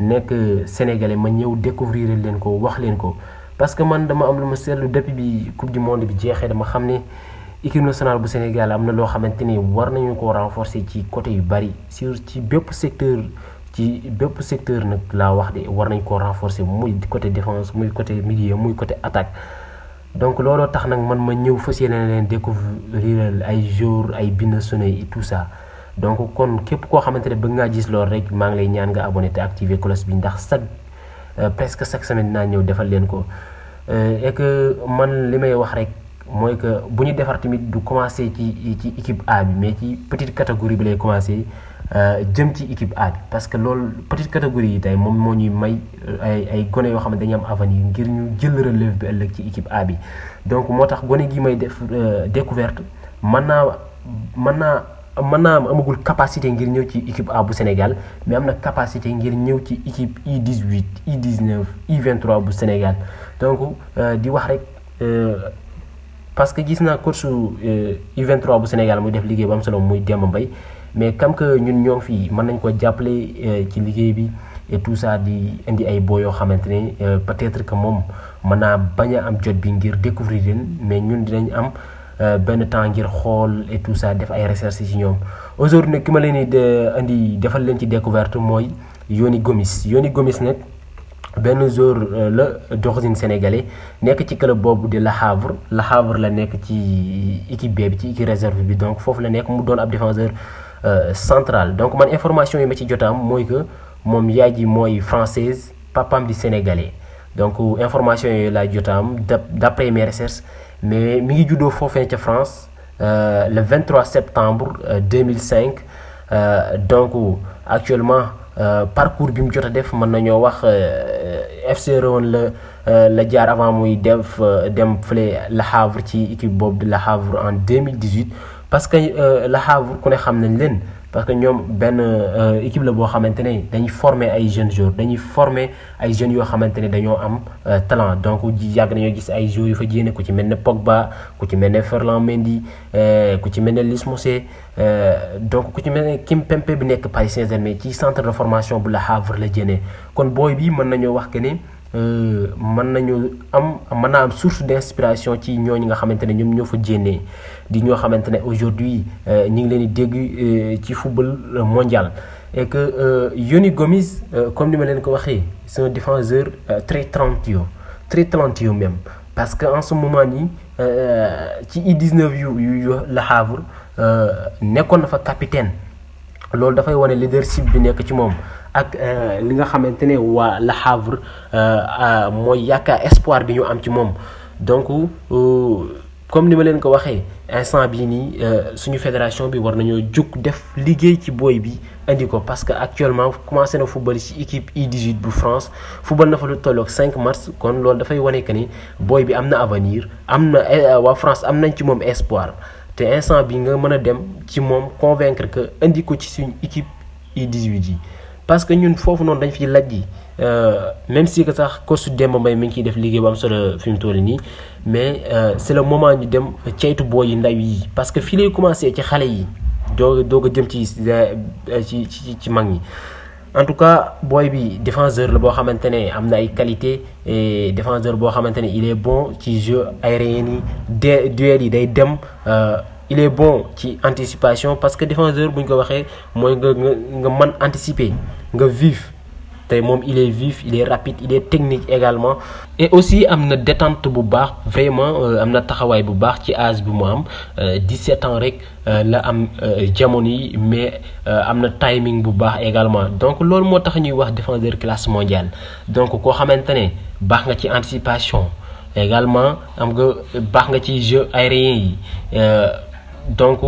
nekk sénégalais ma ñëw découvrir leen ko wax leen ko parce que man dama am lu ma seetlu depuis bi coupe du monde bi jeexee dama xam ne équipe nationale bu Sénégal am na loo xamante ni war nañu ko renforcer ci côté yu bari sur ci bépp secteur ci bépp secteur nag laa wax de war nañ ko renforcer muy côté défense muy côté milieu muy côté attaque donc looloo tax nag man ma ñëw fas yéene leen découvrir ay jour ay Bignona Sonae et tout ça donc kon képp koo xamante ne bëgg ngaa gis loolu rek maa ngi lay ñaan nga abonné te activer cloche bi ndax chaque euh, presque chaque semaine naa ñëw defal leen ko euh, et que man li may wax rek mooy que bu ñu defar tamit du commencé ci ci équipe A bi mais ci petite catégorie bi lay commencé euh, jëm ci équipe A bi parce que loolu petite catégorie yi tey moom moo ñuy may ay ay gone yoo xam ne dañu am avenir ngir ñu jël relève bi ëllëg ci équipe A bi donc moo tax gone gi may def découverte mën naa mën naa maintenant, am amagul capacité ngir ñëw ci équipe A bu Sénégal mais am na capacité ngir ñëw ci équipe U18 U19 U23 bu Sénégal donc euh, di wax rek euh, parce que gis naa coach euh, U23 bu Sénégal muy def liggéey bu am solo muy Demba mbay mais comme que ñun ñoo fi mën nañ ko jàppale ci liggéey bi et tout ça di indi ay boo yoo xamante peut-être que moom mën naa bañ a am jot bi ngir découvrir leen mais ñun dinañ am ben temps ngir xool et tout ça def ay recherches ci ñoom aujourd'hui nag ki ma leen di andi euh, defal leen ci découverte mooy Yoni Gomis Yoni Gomis nag benn jour euh, la doxine sénégalais nekk ci club boobu di la Havre la Havre la nekk ci équipe B ci équipe réserve bi donc foofu la nekk mu doon ab défenseur central donc man information yi ma ci jotaam mooy que moom yaay ji mooy française papam di sénégalais donc information yooyu laa jotaam d'après mes recherches mais mi ngi juddoo foofee la France euh, le 23 septembre 2005 euh, euh, donc actuellement parcours bi mu jot a def man wax FC Rouen. la la jaar avant muy def dem Le Havre ci équipe Bob Le Havre en 2018 parce que Le Havre ku ne xam nañ leen parce que ñoom benn euh, équipe la boo xamante ne dañuy former ay jeunes joueurs dañuy former ay jeunes yoo xamante ne dañoo am euh, talent donc yàgg nañoo gis ay joueurs yu fa jéene ku ci mel ne Pogba ku ci mel ne Ferland Mendy euh, ku ci mel ne Lys euh, donc ku ci mel ne Pempe bi nekk Paris Saint-Germain ci centre de formation bu la Havre la jéene kon booy bi mën nañoo wax que ne. Euh, mën nañu am mën naa am source d'inspiration ci ñooñu nga xamante ne ñoom ñoo fa jénnee di ñoo xamante ne aujourd'hui euh, ñu ngi leen di dégg euh, ci football mondial et que Yoni Gomis comme ni ma leen ko waxee c'est un défenseur très talentueux très talentueux même parce que en ce moment nii ci U19 yu yu Le Havre nekkoon na fa capitaine loolu dafay wane leadership bi nekk ci moom ak euh, li nga xamante ne waa Le Havre euh, euh, mooy yaakaar espoir bi ñu am ci mom donc comme ni ma leen ko waxee instant bii nii suñu fédération bi war nañu juk def liggéey ci boy bi indi ko parce que actuellement commencé na football ci équipe U18 bu France football na fa lu tolok 5 mars kon lool da fay wone que ni boy bi amna avenir amna eh, wa France am ci mom espoir té instant bi nga mëna dem ci mom convaincre que indi ko ci suñu équipe U18 yi parce que fois que nous dañ fi euh, même si que sax mais euh, c'est le moment ñu dem boy yi parce que filé commencé ci xalé yi jëm euh, ci ci ci en tout cas le défenseur le qualité et défenseur il est bon ci jeu aérien duel day il est bon ci anticipation parce que défenseur buñ nga vif tay mom il est vif il est rapide il est technique également et aussi am détente bu baax vraiment euh, am na bu baax ci âge bu mo am 17 euh, ans rek euh, la am jamoni mais am timing bu baax également donc lool moo tax ñuy wax défenseur classe mondiale donc ko xamante maintenant, baax nga ci anticipation également am nga baax nga ci jeu aérien yi donc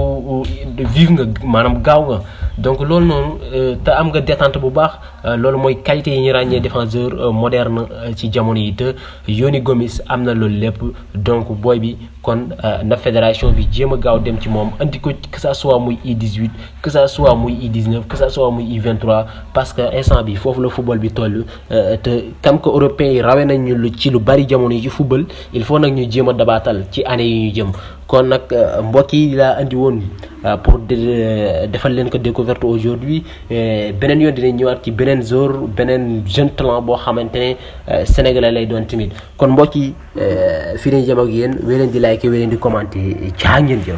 vive nga manam gaaw nga donc loolu noonu euh, te am nga détente bu baax euh, loolu mooy qualité yi ñu ràññee défenseur euh, moderne ci jamono yi te yoni Gomis am na loolu lépp donc booy bi kon na fédération bi jéem a gaaw dem ci moom andi ko que ça soit muy U18 que ça soit muy U19 que ça soit muy U23 parce que instant bi foofu la football bi toll te kam ko européen yi rawe nañ ñu lu ci lu bari jamono yi ci football il faut nag ñu jéem a dabaatal ci année yi ñu jëm kon nag mbokk yi laa andi woon. Euh, pour défendre les découvertes découverte aujourd'hui euh, Benen yon dinañ ñëwaat ci benen de benen jeune talent euh, sénégalais lay kon commenter